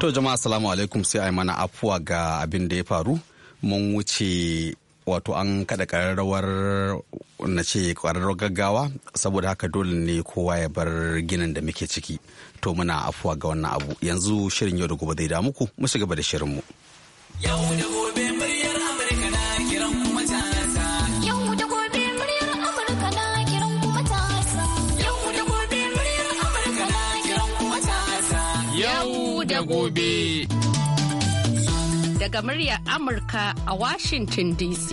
To jama'a salamu alaikum sai ai mana afuwa ga abin da ya faru mun wuce wato an kada kararrawar na ce kararrawar gaggawa saboda haka dole ne kowa ya bar ginin da muke ciki to muna afuwa ga wannan abu yanzu shirin yau da gobe zai da muku mu shiga da shirinmu. mu. yau da gobe. Daga muryar Amurka a Washington DC.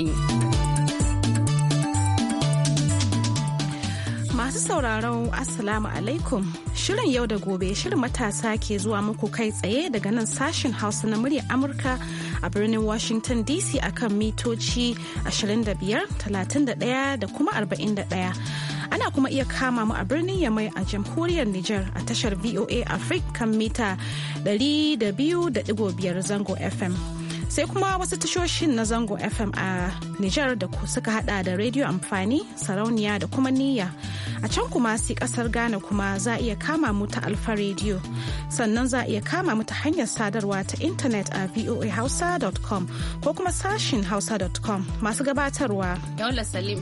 Masu sauraron Assalamu alaikum. Shirin yau da gobe shirin matasa ke zuwa muku kai tsaye daga nan sashen Hausa na muryar Amurka a birnin Washington DC akan mitoci 25, 31 da kuma 41. ana kuma iya kama mu a birnin yamai a jamhuriyar Nijar a tashar VOA Africa kan mita 200.5 zango FM. Sai kuma wasu tashoshin na zango FM a Nijar da suka hada da rediyo amfani, sarauniya da kuma niyya. A can kuma si kasar Ghana kuma za a iya kama mu ta Alfa rediyo Sannan za a iya kama mu ta hanyar sadarwa ta intanet a voahausa.com ko kuma sashin hausa.com masu gabatarwa. Yaula Salim.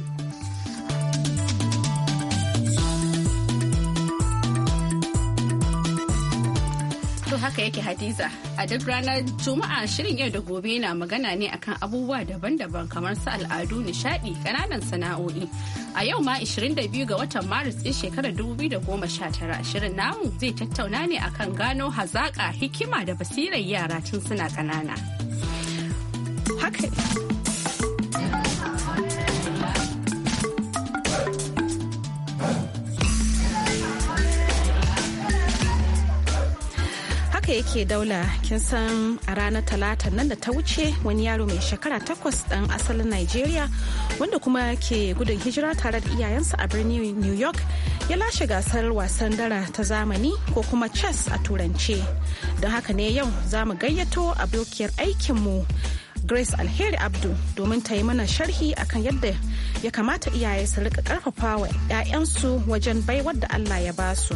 haka yake Hadiza. A duk ranar Juma'a shirin yau da gobe na magana ne akan abubuwa daban-daban kamar su al'adu, nishadi, kananan sana'o'i. A yau ma 22 ga watan Maris ɗin shekarar 2019 shirin namu zai tattauna ne akan gano hazaƙa, hikima da basirar yara tun suna ƙanana. haka yake daula kin san a ranar talata nan da ta wuce wani yaro mai shekara takwas dan asalin nigeria wanda kuma ke gudun hijira tare da iyayensa a birnin new york ya lashe gasar wasan dara ta zamani ko kuma chess a turance don haka ne yau za mu gayyato abokiyar aikinmu grace alheri abdu domin ta yi mana sharhi akan yadda ya kamata iyaye su rika karfafa wa 'ya'yansu wajen baiwar da allah ya ba su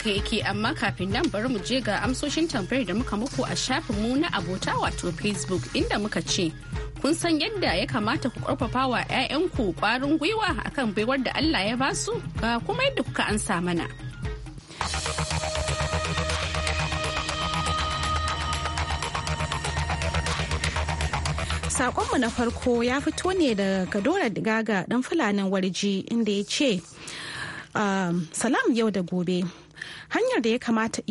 haka yake amma kafin nan bari mu je ga amsoshin tambayar da muka muku a shafin mu na abota wato facebook inda muka ce kun san yadda ya kamata ku karfafa wa 'ya'yanku kwarin gwiwa akan baiwar da allah ya basu ga kuma yadda kuka ansa mana sakonmu na farko ya fito ne daga dora gaga dan fulanin warji inda ya ce salam yau da gobe hanyar da ya kamata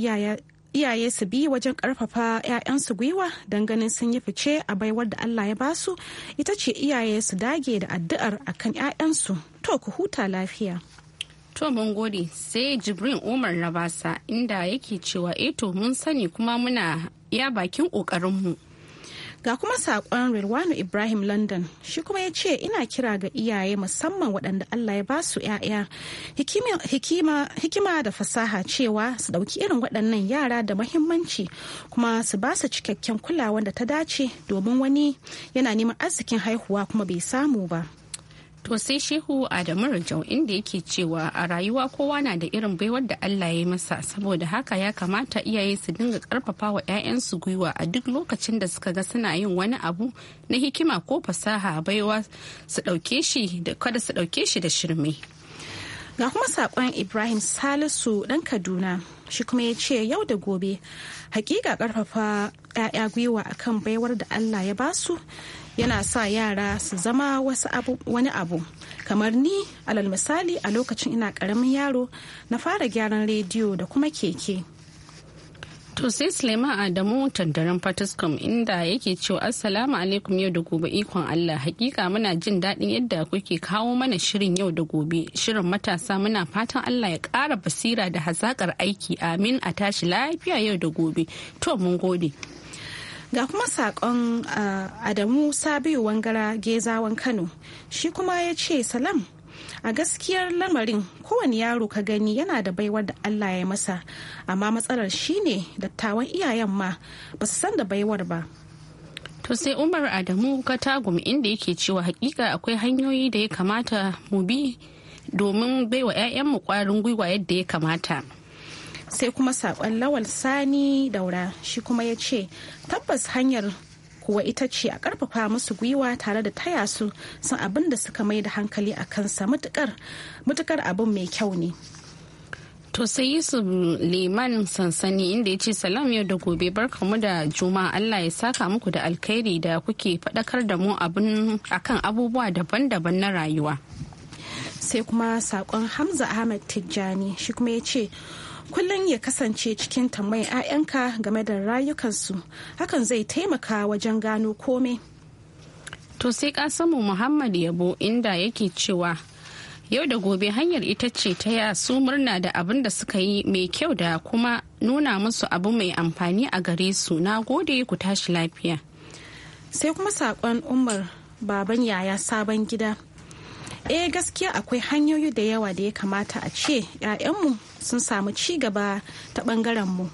iyaye su bi wajen karfafa 'ya'yansu gwiwa don ganin sun yi fice a baiwar da Allah ya basu ita ce iyaye su dage da addu'ar akan 'ya'yansu to ku huta lafiya. To mun gode sai Jibrin Umar Rabasa inda yake cewa eh to mun sani kuma muna ya bakin ƙoƙarinmu. mu. Ga kuma saƙon Rilwanu Ibrahim London shi kuma ya ce ina kira ga iyaye musamman waɗanda Allah ya ba su ‘ya'ya hikima da fasaha cewa su ɗauki irin waɗannan yara da mahimmanci kuma su ba su cikakken kulawa da ta dace domin wani yana neman arzikin haihuwa kuma bai samu ba. To sai Shehu Adamu Rajau inda yake cewa a rayuwa kowa na da irin baiwar da Allah ya yi masa saboda haka ya kamata iyaye su dinga karfafa wa 'ya'yansu gwiwa a duk lokacin da suka ga suna yin wani abu na hikima ko fasaha baiwa su dauke shi da kada su dauke shi da shirme. Ga kuma saƙon Ibrahim Salisu ɗan Kaduna shi kuma ya ce yau da gobe hakika karfafa 'ya'ya gwiwa akan baiwar da Allah ya basu yana sa yara su zama wasu abu wani abu kamar ni alal misali a lokacin ina karamin yaro na fara gyaran rediyo da kuma keke to sai suleiman adamu tattarin fatiskum inda yake cewa assalamu alaikum yau da gobe ikon allah hakika muna jin daɗin yadda kuke kawo mana shirin yau da gobe shirin matasa muna fatan allah ya ƙara basira da hazaƙar aiki amin a tashi lafiya yau da gobe to mun gode Ga kuma saƙon uh, Adamu Sabiu Wangara Gezawan Kano, shi kuma ya ce salam. a gaskiyar lamarin kowane yaro ka gani yana da baiwar da allah ya masa amma matsalar shine dattawan iyayen ma ba su san da baiwar ba to sai umar adamu katagum inda yake cewa hakika akwai hanyoyi da ya kamata mu bi domin baiwa 'ya'yanmu kwarin gwiwa yadda ya kamata sai kuma sakon lawal sani daura shi kuma ya ce tabbas hanyar kuwa ita ce a karfafa musu gwiwa tare da taya su san abin da suka mai da hankali a kansa mutukar abin mai kyau ne To sai Yusuf Liman sansani inda ya ce salam yau da gobe barkamu da juma Allah ya saka muku da alkhairi da kuke fadakar da mu akan abubuwa daban-daban na rayuwa. Sai kuma saƙon Hamza ahmed Tijjani shi kuma ya ce kullum ya kasance cikin tambayin 'ya'yanka game da rayukansu hakan zai taimaka wajen gano komai to sai kasamu muhammad yabo inda yake cewa yau da gobe hanyar ita ce ta ya su murna da abin da suka yi mai kyau da kuma nuna musu abu mai amfani a gare su na gode ku tashi lafiya sai kuma saƙon umar baban yaya sabon gida eh gaskiya akwai hanyoyi da yawa da ya kamata a ce 'ya'yanmu sun samu ci gaba ta bangaren mu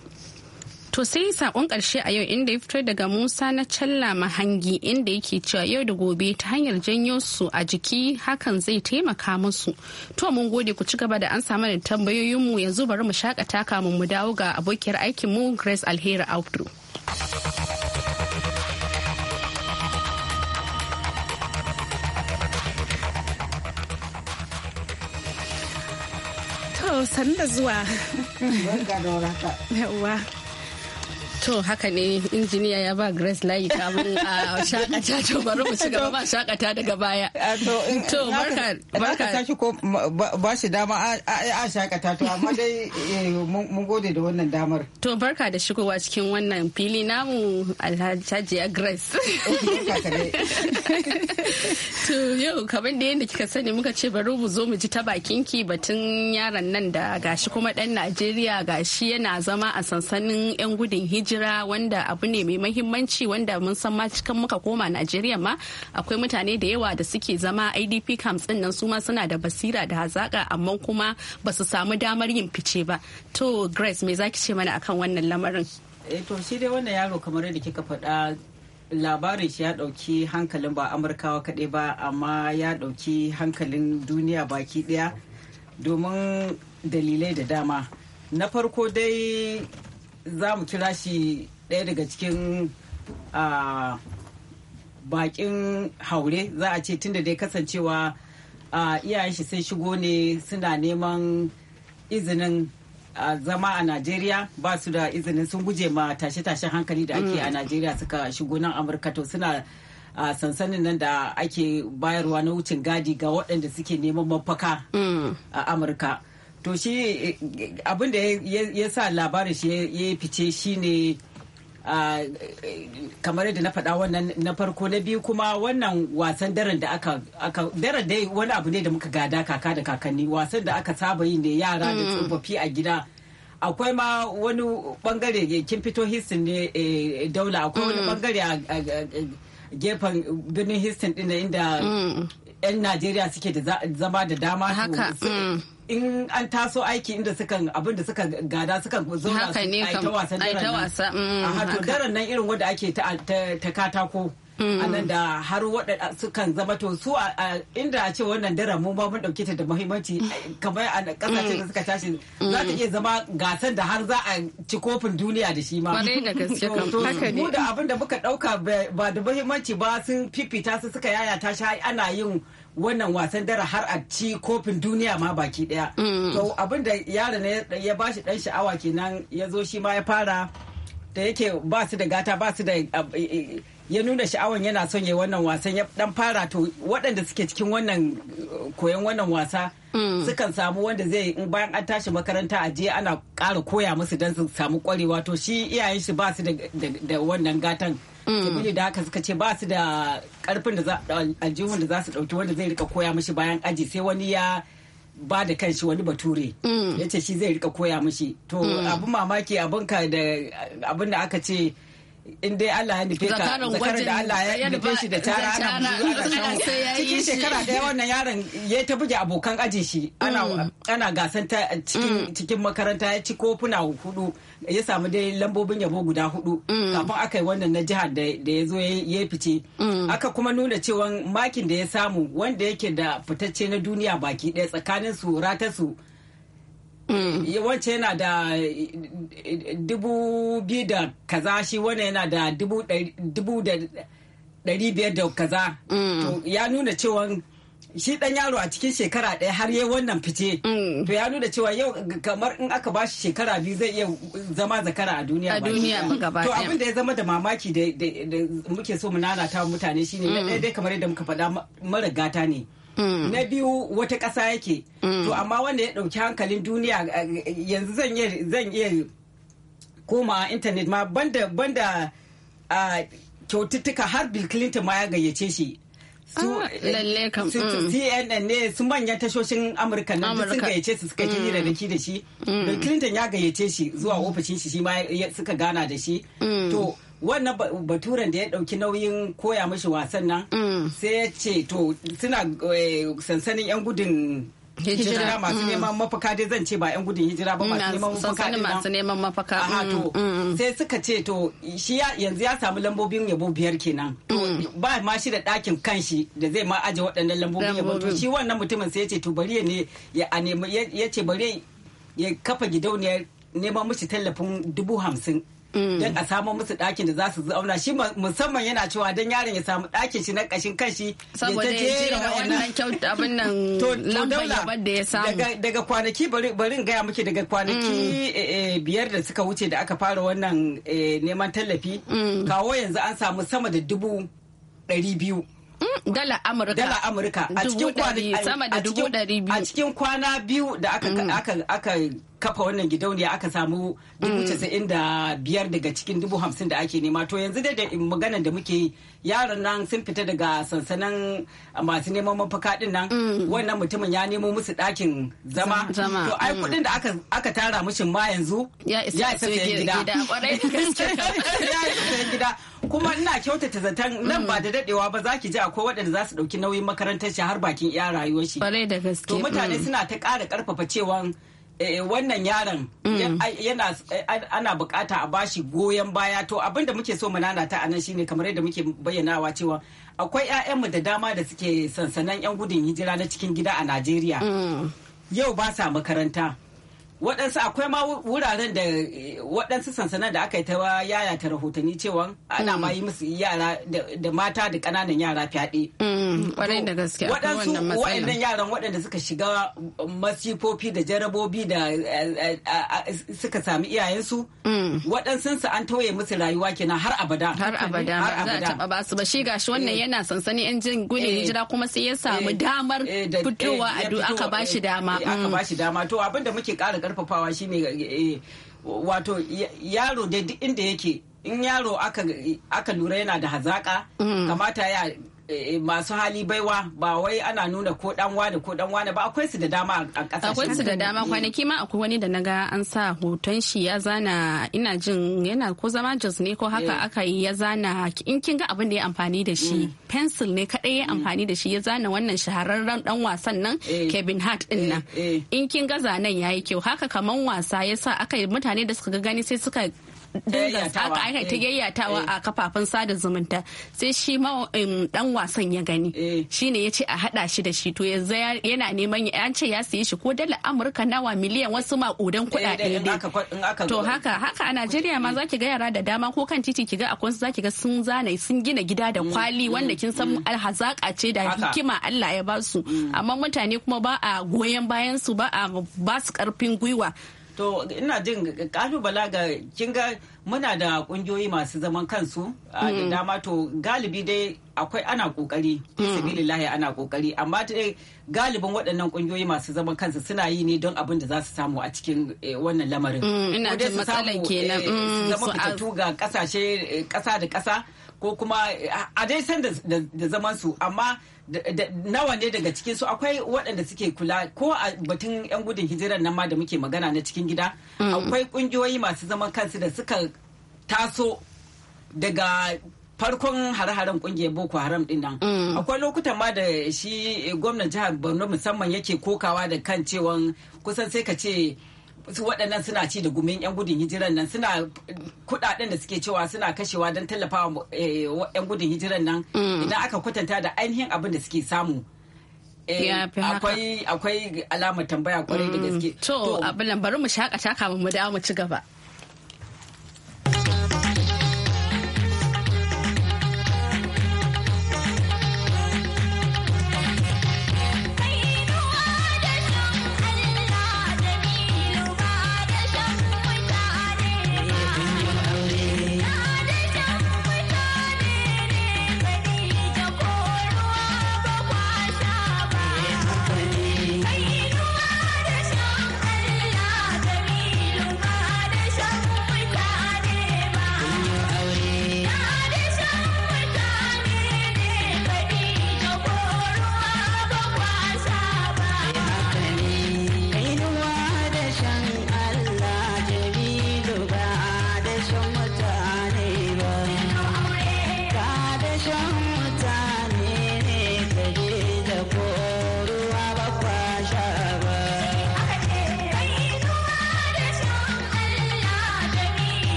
To sai sakon karshe a yau inda ya fito daga Musa na Challa Mahangi inda yake cewa yau da gobe ta hanyar janyo su a jiki hakan zai taimaka musu. To mun gode ku ci gaba da an samu da tambayoyinmu yanzu bari mu shakata kamun mu dawo ga abokiyar aikinmu Grace Alheri Abdu. sannu da zuwa. Yawwa. To haka ne injiniya ya ba Grace layi kamun a shakata to bari mu ci gaba ba shakata daga baya. To barka barka tashi ko ba shi dama a shakata to amma dai eh, mun gode da wannan damar. To barka da shigowa cikin wannan fili namu Alhaji Grace. Eh, to yau kamar da yadda kika sani muka ce bari mu zo mu ji ta bakinki batun yaron nan da gashi kuma dan Najeriya gashi yana zama a sansanin 'yan gudun hijira. hijira wanda abu ne mai mahimmanci wanda mun san ma cikin muka koma Najeriya ma akwai mutane da yawa da suke zama IDP camps din nan su ma suna da basira da hazaka amma kuma ba su samu damar yin fice ba. To Grace me zaki ce mana akan wannan lamarin? Eh to shi dai wannan yaro kamar yadda kika faɗa labarin shi ya ɗauki hankalin ba amurkawa kaɗai ba amma ya ɗauki hankalin duniya baki ɗaya domin dalilai da dama na farko dai za mu kira shi ɗaya daga cikin bakin haure za a ce tunda dai kasancewa iyayen shi sun shigo ne suna neman izinin a zama a Najeriya ba su da izinin sun guje ma tashe-tashen hankali da ake a mm. Najeriya suka shigo nan Amurka to suna a sansanin nan da ake bayarwa na wucin gadi ga waɗanda suke neman mafaka mm. a Amurka. to shi abin da ya sa labarin shi ya fice shi ne kamar yadda na faɗa wannan na farko na biyu kuma wannan wasan daren da aka daren dai wani abu ne da muka gada kaka da kakanni wasan da aka saba yi ne yara da mm. tsofaffi a gida akwai ma wani bangare kin fito hissin ne eh, daula akwai wani bangare mm. a gefen birnin histin din inda 'yan mm. najeriya suke da zama da dama in an taso aiki inda sukan abin da suka gada sukan zauna a ta wasan daren nan a mm, daren nan irin wanda ake ta katako mm. a nan da har wadda sukan zama to su inda a ce wannan daren mu ba mun ɗauke ta da muhimmanci kamar a ƙasashen da mm. suka tashi za ta iya zama gasar da har za a ci kofin duniya da shi ma. Mu da abin da muka ɗauka ba da muhimmanci ba sun fifita su suka ta shi ana yin wannan wasan dara har a ci kofin duniya ma baki daya to mm. abin da ne ya bashi dan sha'awa kenan ya zo shi ma ya fara da yake ba su da gata ba su da eh, eh, ya nuna sha'awan yana son ya wannan wasan ya dan fara to waɗanda suke cikin wannan koyon wannan wasa mm. sukan samu wanda zai bayan an tashi makaranta a je ana ƙara koya musu don su samu ƙwarewa to shi iyayen shi ba su da wannan gatan mm. sabili da haka suka ce ba su da ƙarfin da aljihun da za su ɗauki wanda zai rika koya mishi bayan aji sai wani ya ba da kanshi wani bature mm. ya ce shi zai rika koya mishi to abin mamaki abin da aka ce in dai Allah ya nufe ka zakarar da Allah ya nufe shi da tara ana cikin shekara daya wannan yaron ya ta buge abokan ajin shi mm. ana gasan ta mm. cikin makaranta ya ci kofuna hudu ya samu dai lambobin yabo guda hudu mm. kafin aka yi wannan na jihar da ya zo ya fice aka kuma nuna cewa makin da ya samu wanda yake da fitacce na duniya baki ɗaya tsakanin su ratarsu Mm. wacce yana da dubu biyu da kaza shi wani yana da dubu da dari biyar da kaza mm. ya nuna cewa shi dan yaro a cikin shekara ɗaya har yi wannan fice mm. to ya nuna cewa yau kamar in aka ba shi shekara biyu zai iya zama zakara a duniya a duniya to abin da ya zama da mamaki da muke so mu nanata mutane shine na ɗaya dai kamar yadda muka faɗa mara ne Mm. na biyu wata ƙasa yake mm. to amma wanda ya ɗauki hankalin duniya eh, eh, yanzu zan iya koma intanet ma banda banda kyaututtuka har bill clinton ma ya gayyace shi su ah, lalle eh, kam mm. CNN ne su manyan tashoshin Amurka Duk sun gayyace su suka yi da da da shi Bill Clinton ya gayyace shi zuwa ofishin shi ma suka gana da shi to wannan baturen da ya dauki nauyin koya mashi wasan nan mm. sai ya ce to suna eh, sansanin yan gudun hijira masu mm. neman mafaka dai zan ce ba yan gudun hijira ba masu neman mafaka ne masu neman mafaka mm, sai suka ce to shi yanzu ya samu lambobin yabo biyar kenan ba ma shi da ɗakin kanshi da zai ma aje waɗannan lambobin yabo to shi wannan mutumin sai ya ce to bari ne ya nemi ya ce bari ya kafa gidauniyar neman mishi tallafin dubu hamsin Mm. don a samu musu ɗakin da za su zauna shi musamman yana cewa don yaron ya samu ɗakin shi na ƙashin kanshi saboda ya jira wannan kyauta abin nan lambar yabar da ya samu daga kwanaki barin gaya muke daga kwanaki mm. eh, eh, biyar da suka wuce da aka fara wannan eh, neman tallafi mm. kawo yanzu an samu sama da dubu ɗari biyu Mm, dala amurka dala amurka a cikin kwana sama da dubu biyu a cikin kwana biyu da aka mm. aka aka kafa wannan gidauniya aka samu dubu mm. casa'in da biyar daga cikin dubu hamsin da ake nema to yanzu dai da maganan da muke yaran nan sun fita daga sansanin masu neman mafaka din nan wannan mutumin ya nemo musu ɗakin zama to ai kuɗin da aka tara mishin ma yanzu ya isa sayan gida ya isa gida kuma ina kyautata zaton nan ba da mm. dadewa ba za ki ji akwai waɗanda za su ɗauki nauyin makarantar shi har bakin iya rayuwar shi. da gaske. To mutane mm. suna ta ƙara ƙarfafa cewa eh, wannan yaron mm. yana eh, ana bukata a bashi goyon baya to abinda muke so mu nanata a nan shine kamar yadda muke bayyanawa cewa akwai 'ya'yanmu da dama da suke sansanan 'yan gudun hijira na cikin gida a Najeriya. Yau ba sa makaranta. waɗansu akwai ma wuraren da eh, waɗansu sansanin da aka yi ta yaya ta rahotanni cewa ana ma yi musu yara da mata da ƙananan yara fyaɗe. Mm, ƙwarai da gaske waɗansu waɗannan yaran waɗanda suka shiga masifofi da jarabobi da eh, eh, suka sami iyayensu. Mm. Waɗansu su an tauye musu rayuwa kenan har abada. Har abada ba za a taɓa ba su ba shi gashi wannan yana sansani yan jin gudun hijira kuma sai ya samu damar fitowa a aka ba shi dama. Aka mm. ba shi dama to abin da muke ƙara karfafawa shine eh, wato yaro da duk inda yake in yaro aka lura yana da hazaka mm. kamata ya Eh, eh, masu hali baiwa ba wai ana nuna ko dan wani ko dan wani ba akwai su da dama a kasashen akwai su da dama mm. kwanaki ma akwai wani da naga an sa hoton shi ya zana ina jin yana ko zama jos ne ko haka aka yi ya zana in kin ga abin da ya amfani da shi mm. pencil ne kadai ya mm. amfani da shi ya zana wannan shahararren dan wasan nan eh. Kevin Hart din nan in kin ga zanen yayi kyau haka kaman wasa yasa aka mutane da suka ga gani sai suka aka aka ta eh. wa eh. a kafafen sada zumunta sai shi ma um, dan wasan ya gani eh. shine yace a hada shi da shi to yanzu yana neman ya ce ya siye shi ko dala amurka nawa miliyan wasu makudan kuɗaɗe dai to haka haka a najeriya ma zaki ga yara da dama ko kan titi kiga akwai su zaki ga sun zana sun gina gida da mm. kwali mm. wanda kin san mm. alhazaka ce da hikima Allah ya basu amma mutane kuma ba a goyon bayan su ba a ba su karfin gwiwa To ina jin kalubala ga kinga muna da kungiyoyi masu zaman kansu a da mm. dama to galibi dai akwai ana kokari mm. sabilillahi ana kokari amma dai galibin waɗannan kungiyoyi masu zaman kansu suna yi ne don abin da za su samu a cikin eh, wannan lamarin. Mm, ina jin matsalan kenan. Eh, eh, su zama fitattu ga kasashe kasa da kasa ko kuma a dai san da zaman su amma nawa ne daga cikin su akwai waɗanda suke kula ko a batun 'yan gudun hijirar nan ma da muke magana na cikin gida mm. akwai ƙungiyoyi masu zaman kansu da suka taso daga farkon hare-haren ƙungiyar boko haram din nan mm. akwai lokutan ma da shi eh, gwamnan jihar borno musamman yake kokawa da kan cewa kusan sai ka ce su waɗannan suna ci da gumin 'yan gudun hijiran nan suna kuɗaɗen da suke cewa suna kashewa don tallafawa 'yan eh, gudun hijiran nan mm. idan aka kwatanta da ainihin abin da suke samu eh, akwai alamar tambaya kwarai da mm. gaske to abin bari mu shakata kafin mu dawo mu ci gaba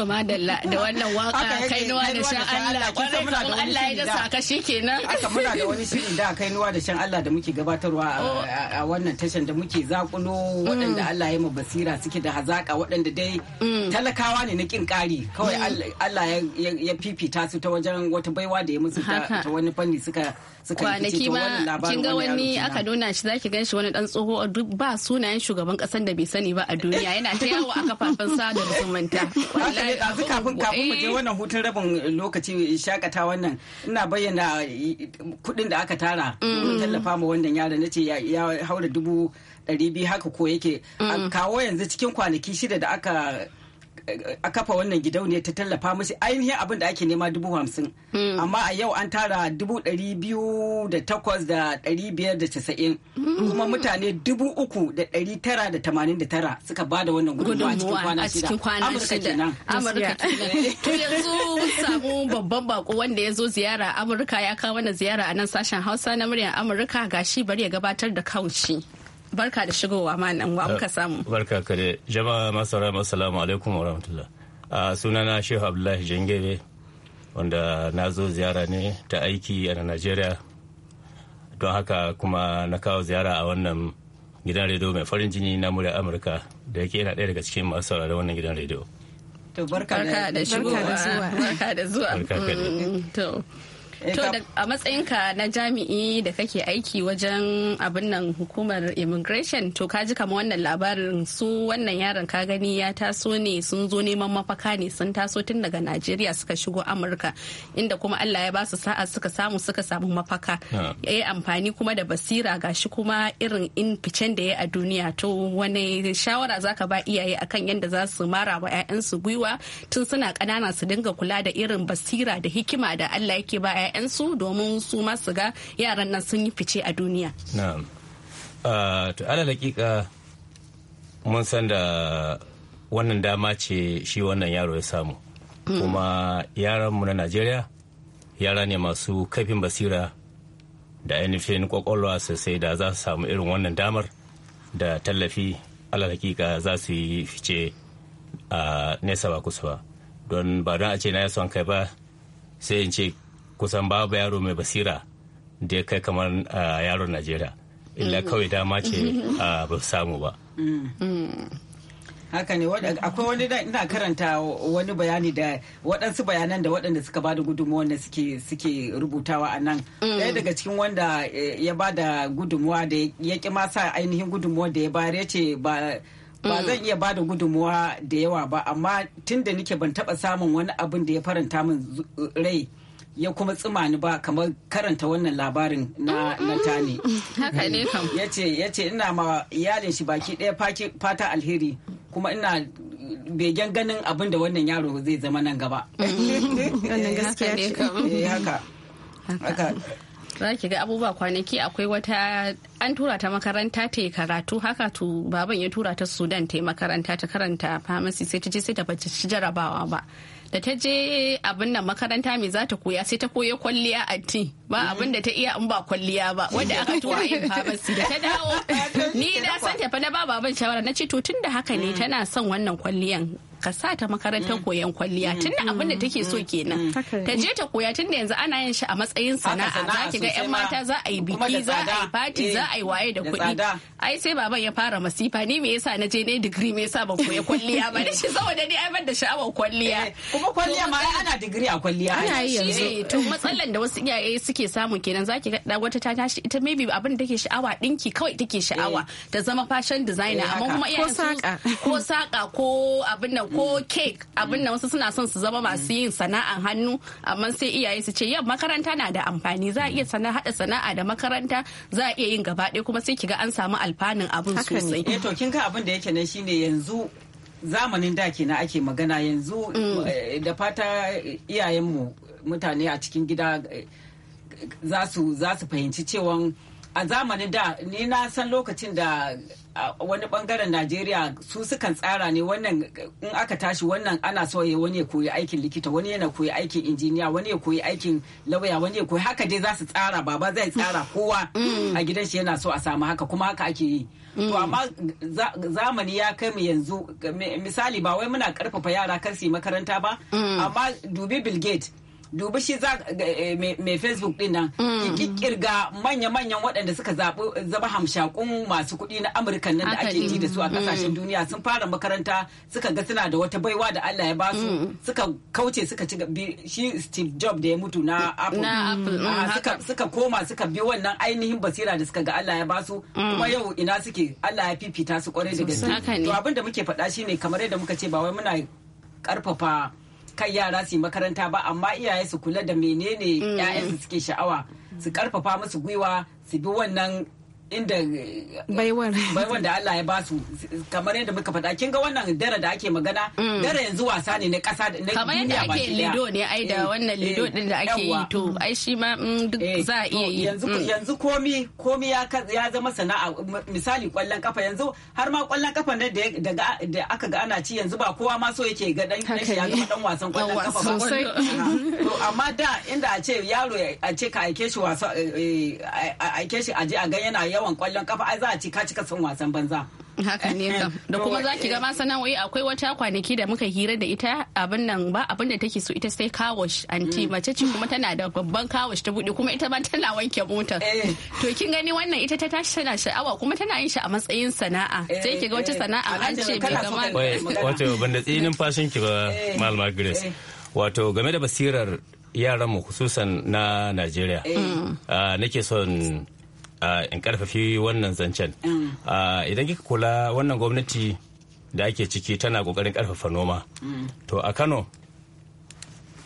To madalla da wannan waka nuwa da shan Allah kwarai kan Allah ya dasa ka shikenan. Aka muna da wani shirin da kai nuwa da shan Allah da muke gabatarwa a oh. wannan tashan da muke zakulo mm. waɗanda Allah ya mu basira suke da hazaka waɗanda dai mm. talakawa ne na kin kari kawai mm. Allah ya fifita su ta wajen wata baiwa da ya musu ta wani fanni suka suka kwanaki ma kin ga wani aka nuna shi zaki gan shi wani dan tsoho duk ba sunayen shugaban kasan da bai sani ba a duniya yana ta yawo a kafafen sada zumunta wallahi yanzu eh, kafin kafin mu je eh. wannan hutun rabin lokaci shakata wannan ina bayyana eh, kuɗin da aka tara don mm. tallafa ma wannan yaron nace ya haura dubu ɗari biyu haka ko yake mm. kawo yanzu cikin kwanaki shida da aka a kafa wannan gidauniya ta tallafa musu ainihin abin da ake nema dubu hamsin hmm. amma a yau an tara dubu ɗari biyu da takwas da ɗari biyar da casa'in hmm. kuma mutane dubu uku da ɗari tara da tamanin da tara suka ba da wannan gudunmawa a cikin kwana shida amurka kenan to yanzu samu babban bako wanda ya zo ziyara amurka ya kawo mana ziyara a nan sashen hausa na muryar amurka gashi bari ya gabatar da kaushi. barka da shigowa ma nan wa muka eh, samu barka ka da jama'a masara assalamu alaikum wa rahmatullah a suna na shehu abdullahi jangere wanda na zo ziyara ne ta aiki a najeriya don haka kuma na kawo ziyara a wannan gidan rediyo mai farin jini na murya amurka da yake yana ɗaya daga cikin masu sauraron wannan gidan rediyo to barka da shigowa barka da zuwa barka da zuwa mm, Eh, to a matsayinka na jami'i da kake aiki wajen abin nan hukumar immigration to ka ji kama wannan labarin su wannan yaron ka gani ya taso ne sun zo neman mafaka ne sun taso tun daga najeriya suka shigo amurka inda kuma allah ya ba su sa'a suka samu suka samu mafaka ya yi amfani kuma da basira gashi kuma irin in ficen da ya a duniya to wani shawara zaka ba iyaye akan yadda za su mara wa 'ya'yansu gwiwa tun suna ƙanana su dinga kula da irin basira da hikima da allah yake ba 'ya'yansu domin su masu ga yaran nan sun yi fice a duniya na'am ah, to mun san da wannan dama ce shi wannan yaro ya samu mm. kuma yaran mu na najeriya yara ne masu kaifin basira da ainihin kwakwalwa sosai da za su samu irin wannan damar da tallafi ala hakika za su yi fice a nesa ba kusa ba don ba don a ce na yason kai ba sai in ce kusan babu yaro mai basira da ya kai kamar yaron najeriya illa mm. kawai dama ce ba samu ba mm. haka ne akwai wani ina karanta wani bayani da waɗansu bayanan da waɗanda suka bada gudunmuwa da suke rubutawa a nan mm. ɗaya daga cikin wanda e, ya ba da gudunmuwa da ya ƙi masa ainihin gudunmuwa da ya bayar ya ce ba ba zan iya ba da gudunmuwa da yawa ba amma tun da nike ban taɓa samun wani abin da ya faranta min rai ya kuma tsima ni ba kamar karanta wannan labarin na tani. Haka ne kam. Ya ce ina ma iyalin shi baki ɗaya fata alheri kuma ina begen ganin abin da wannan yaro zai zama nan gaba. Wannan eh, gaskiya ne eh, kam. Haka. Haka. za ki ga abubuwa kwanaki akwai wata an tura ta makaranta ta yi karatu haka tu baban ya tura ta sudan ta yi makaranta ta karanta famasi sai ta je sai ta bace jarabawa ba da ta je abin nan makaranta mai za ta koya sai ta koya kwalliya a ti ba abin da ta iya in ba kwalliya ba wanda aka a in pharmacy da ta dawo ni na san tafi na ba baban shawara na ce to tun da haka ne tana son wannan kwalliyan ka sa ta makarantar mm. koyon kwalliya mm. da abin da mm. take so kenan ta je ta koya tun da yanzu ana yin shi a matsayin sana'a za ki ga yan mata za a yi biki za a yi fati eh, za a yi waye da kuɗi ai sai baban ya fara masifa ni me yasa na je ne digiri me yasa ban koya kwalliya ba ni shi saboda ni ai ban da sha'awar kwalliya eh, kuma kwalliya ma ana digiri a kwalliya ana yi yanzu to matsalan da wasu iyaye suke samu kenan zaki ga wata ta tashi ita maybe abin da take sha'awa dinki kawai take sha'awa eh. ta zama fashion designer amma kuma iyayen ko saka ko abin nan ko cake abin da wasu suna son su zama masu yin sana'an hannu amma sai iyaye su ce yau makaranta na da amfani za a iya sana hada sana'a da makaranta za a iya yin gaba ɗaya kuma sai kiga an samu alfanun abin sosai. Haka eh, to kin ga abin da yake nan shine yanzu zamanin da kenan ake magana yanzu mm. eh, da fata iyayen mu mutane a cikin gida eh, za su fahimci cewa a zamanin da ni na san lokacin da wani bangaren najeriya su sukan tsara ne wannan in aka tashi wannan ana so ya wani ya koyi aikin likita wani yana koyi aikin injiniya wani ya koyi aikin lauya wani ya koyi haka dai za su tsara baba zai tsara kowa mm. a gidan shi yana so a samu haka kuma haka ake yi to mm. amma zamani ya kai mu yanzu misali ba wai muna karfafa yara kar su makaranta ba mm. amma dubi bill gates dubi shi za eh, mai facebook din nan ki kirga mm. manya-manyan waɗanda suka zaɓi eh, zama hamshakun masu kuɗi na amurka nan da ake ji da su a kasashen mm. duniya sun fara makaranta suka ga suna da wata baiwa da allah ya basu mm. suka kauce suka ci shi steve job da ya mutu na apple suka koma suka bi wannan ainihin basira da suka ga allah ya basu kuma yau ina suke allah ya fifita su kwarai da gaske to abin da muke faɗa shine kamar yadda muka ce ba wai muna karfafa kai yara su makaranta ba amma iyaye su kula da menene 'ya'yansu mm. suke sha'awa su karfafa musu gwiwa su bi wannan inda eh, baiwar baiwar da Allah ya ba su kamar yadda muka faɗa kin ga wannan dare da ake magana mm. dare yanzu wasa ne na ƙasa na kamar yadda ake lido ne ai da eh, wannan lido din eh, da ake yi to ai shi ma mm, duk za a iya yi yanzu mm. yanzu komi komi ya ya zama sana'a misali kwallon kafa yanzu har ma kwallon kafa ne da da aka ga ana ci yanzu ba kowa ma so yake ga dan shi ya zama dan wasan kwallon kafa ba to amma da inda a ce yaro a ce ka aike shi wasa aike shi aje a ga yana yawan kwallon kafa ai za a ci ka cika son wasan banza haka ne kam da kuma za ki gama eh. sana'o'i akwai wata kwanaki da muka hira da ita abin nan ba abin da take so ita sai kawash anti mm. mace ce kuma tana da babban kawash ta buɗe kuma ita ma tana wanke mota eh. to kin gani wannan ita ta tashi tana sha'awa kuma tana yin shi a matsayin sana'a eh, sai ki ga wata sana'a an ce bai gama wato ban da tsinin fashin ki ba malama grace wato game da basirar yaran mu na najeriya ah, nake son Uh, in karfafi wannan zancen ah. uh, idan kika kula wannan gwamnati da ake ciki tana kokarin karfafa noma mm. to a kano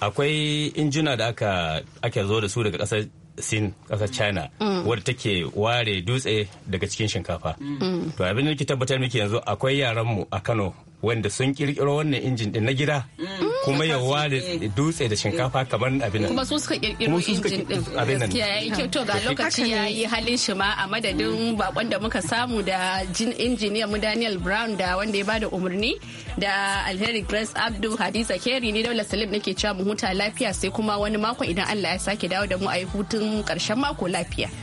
akwai injina da aka ake zo da su daga kasar sin kasar china mm. wadda take ware dutse daga cikin shinkafa mm. to abin da ke tabbatar miki yanzu akwai yaranmu a kano wanda sun kirkiro wannan injin din na gida mm. kuma ya ware dutse da shinkafa mm. kamar abin kuma su suka kirkiro injin din ya yayi kyau to ga lokaci ya yi halin shi ma a madadin bakon da muka samu da jin mu Daniel Brown da wanda ya bada umarni da Alheri Grace Abdu Hadiza Kerry ni Daula Salim nake cewa mu huta lafiya sai kuma wani mako idan Allah ya sake dawo da mu a yi hutun karshen mako lafiya.